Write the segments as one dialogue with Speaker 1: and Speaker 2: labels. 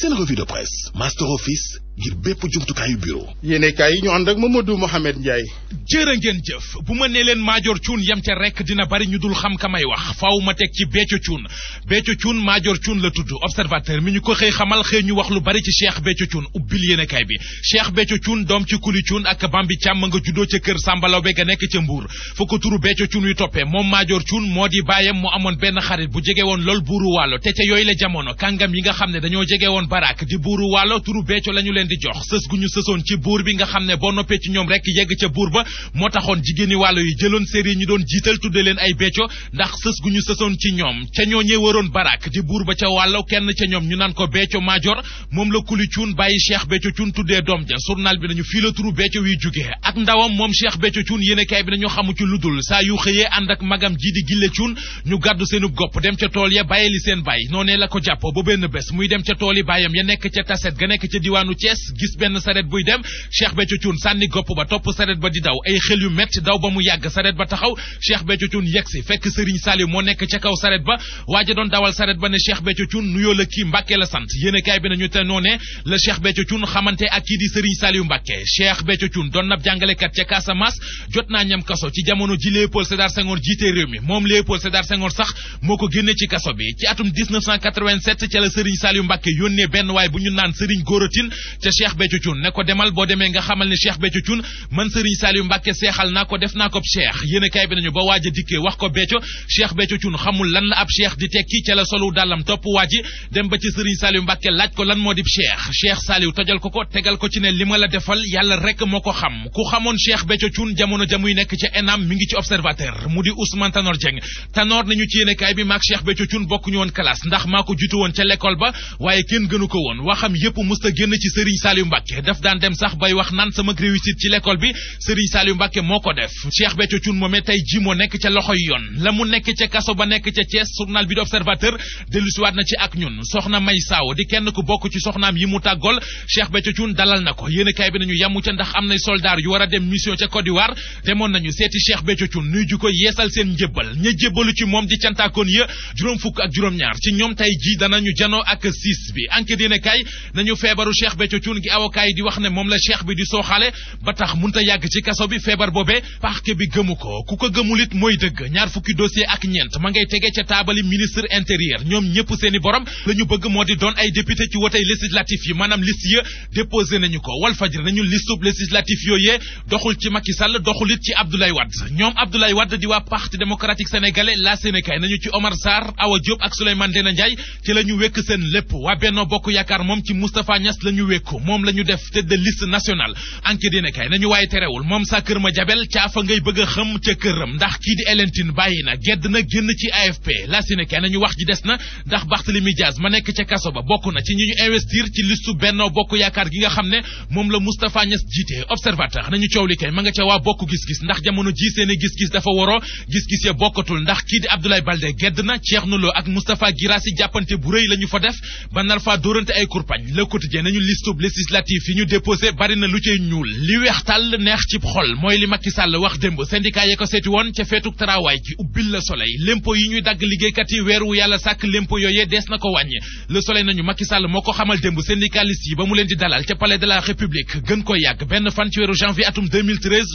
Speaker 1: seen revue de presse Master Office ngir bépp jumtukaayu bureau. yéene kaay yi ñu ànd ak Mamadou Mohamed Ndiaye. jërë ngeen jëf bu ma rek dina bari ñu dul xam ka may wax faaw ma teg ci Bécco Cuun Bécco Cuun Maajoor Cuun la tudd observateur mi ñu ko xëy xamal xëy ñu wax lu bari ci Cheikh Bécco Cuun ubbil yéene kaay bi Cheikh Bécco Cuun doom ci kuli Cuun ak Bambi Càmm nga juddoo ca kër Sàmbalaw be ga nekk ca Mbuur fa ko turu Bécco toppee moom Maajoor Cuun moo di bàyyam mu amoon benn xarit bu jege woon lool buuru Waalo te ca yooyu la jamono kàngam yi nga xam ne dañoo jege woon baraak di buuru Waalo turu Bécco lañu leen leen di jox sës gu ñu sësoon ci buur bi nga xam ne boo noppee ci ñoom rek yegg ca buur ba moo taxoon jigéeni wàllu yi jëloon séeréer ñu doon jiital tudde leen ay becco ndax sës gu ñu sësoon ci ñoom ca ñooñee waroon barak di buur ba ca wàllu kenn ca ñoom ñu naan ko becco major moom la kuli cuun bàyyi cheikh becco cuun tuddee doom ja journal bi nañu fii la turu becco wiy jugee ak ndawam moom cheikh becco cuun yéenekaay bi nañu xamu ci dul saa yu xëyee ànd ak magam ji di gille cuun ñu gàddu seenu gopp dem ca tool ya bàyyi li seen bàyyi noonee la ko jàpp ba muy dem ca tool yi bàyyam ya nekk ca taset ga nekk ca diwaanu gis benn saret buy dem Cheikh Béthio Thioune sànni gopp ba topp saret ba di daw ay xel yu metti daw ba mu yàgg saret ba taxaw Cheikh Béthio Thioune yegsi fekk Serigne Saliou moo nekk ca kaw saret ba waaja doon dawal saret ba ne Cheikh Béthio Thioune nuyoo la kii Mbàkke la sant yéene kaay bi nañu te noo ne la Cheikh Béthio Thioune xamante ak kii di Serigne Saliou Mbàkke Cheikh Béthio Thioune doon nab jàngalekat ca Casamance jot naa ñam kaso ci jamono ji Léopold Sédar Senghor jiite mi moom Léopold Sédar Senghor ko génne ci kaso bi ci atum 1987 ca la Serigne Saliou Mbàkke yónnee benn waay bu ñu naan Serigne Gorotin te Cheikh Béthio Thioune ne ko demal boo demee nga xamal ni Cheikh Béthio Thioune man Serigne Saliou Mbacke seexal naa ko def naa ko cheikh yéen bi nañu ba waaj a dikkee wax ko Béthio Cheikh xamul lan la ab cheikh di tekki ca la solu dàllam topp waaji dem ba ci Serigne Saliou Mbacke laaj ko lan moo di cheikh Cheikh Saliou tojal ko ko tegal ko ci ne li ma la defal yàlla rek moo ko xam ku xamoon Cheikh Béthio Thioune jamono jamuy nekk ca ENAM mi ngi ci observateur mu di Ousmane Tanor Dieng Tanor nañu ci bi maak Cheikh Béthio Thioune bokkuñu woon classe ndax maa ko jiitu woon ca l'école ba waaye kenn gënu Serigne Saliou Mbacke daf daan dem sax bay wax naan sama réussite ci l'école bi Serigne Saliou Mbacke moo ko def a demoon nañu seeti Cheikh Béthio Thioune nuy ju yeesal seen njëbbal ña jébbalu ci moom di cantaakoon ya juróom fukk ak juróom-ñaar ci ñoom tey ji danañu janoo ak siis bi enquête yéen kay nañu feebaru Cheikh Béthio lekk cuun gi avocat yi di wax ne moom la cheikh bi di sooxale ba tax munta yàgg ci kaso bi feebar boobee parquet bi gëmu ko ku ko gëmulit mooy dëgg ñaar fukki dossier ak ñeent ma ngay tege ca taabali ministre intérieur ñoom ñëpp seeni borom la bëgg moo di doon ay député ci wotey législatif yi maanaam liste déposé nañu ko wal fajri nañu listub législatif yooyee doxul ci Macky doxulit ci Abdoulaye Wade ñoom Abdoulaye Wade di waa parti démocratique sénégalais la ko moom la ñu def tête de liste nationale enquête nañu waaye terewul moom sa kër ma jabel caafa ngay bëgg a ca këram ndax kii di bàyyi na gedd na génn ci AFP la nañu wax ji des na ndax Barthélémy Diaz ma nekk ca kaso ba bokk na ci ñi ñu investir ci listu Benno Bokk Yaakaar gi nga xam ne moom la Moustapha Niass jiite observateur nañu coow li kay ma nga ca waa bokk gis-gis ndax jamono ji seeni gis-gis dafa waroo gis-gis ya bokkatul ndax kii di Abdoulaye Baldé gedd na Thierno Lo ak Moustapha Guirassy jàppante bu rëy la ñu fa def ba nar fa dóorante ay kurpañ législatif yi ñu déposé bari na lu cay ñuul li weex neex ci xol mooy li Macky Sall wax démb syndicat yi ko seeti woon ca feetuk travail gi ubbil la soleil lempo yi ñuy dagg liggéeykat yi weeru yàlla sàkk lempo yooyee dees na ko wàññi le soleil nañu Macky Sall moo ko xamal démb syndicaliste yi ba mu leen di dalal ca palais de la république gën ko yàgg benn fan ci weeru janvier atum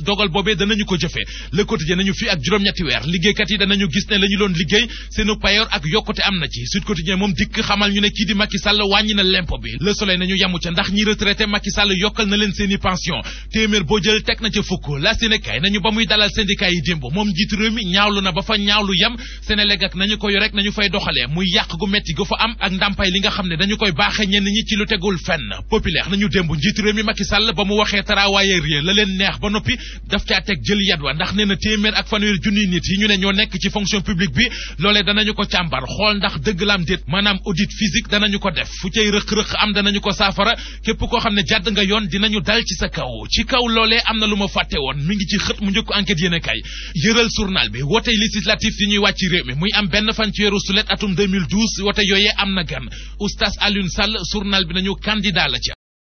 Speaker 1: dogal boobee danañu ko jëfee le quotidien nañu fii ak juróom-ñetti weer yi danañu gis ne la ñu doon liggéey seenu payoor ak yokkute ñu ne kii di Macky Sall wàññi na lempo bi le soleil yamu ca ndax ñi retraité Macky Sall yokkal na leen seeni pension téeméer boo jël teg na ca fukk nañu ba muy dalal syndicat yi démb moom njiitu réew mi ñaawlu na ba fa ñaawlu yam Sénégal ak nañu ko yor rek nañu fay doxalee muy yàq gu metti gu fa am ak ndàmpaay li nga xam ne dañu koy baaxee ñenn ñi ci lu tegul fenn populaire nañu démb njiitu réew mi Macky Sall ba mu waxee travailleur yi la leen neex ba noppi daf caa teg jël yat wa ndax nee na téeméer ak fanweer junniy nit yi ñu ne ñoo nekk ci fonction publique bi loolee danañu ko càmbar xool ndax dëgg laam déet maanaam audit physique danañu ko def fu cay rëq-rëq am danañu ko saafara képp koo xam ne jàdd nga yoon dinañu dal ci sa kaw ci kaw loole am na lu ma fàtte woon mu ngi ci xët mu njëkk enquête yéen a kay yëral journal bi wote législatif yi ñuy wàcc réew mi muy am benn fan ci weeru sulet atum 2012 wote yooyee am na gan oustaz Alioune Sall journal bi nañu candidat la ca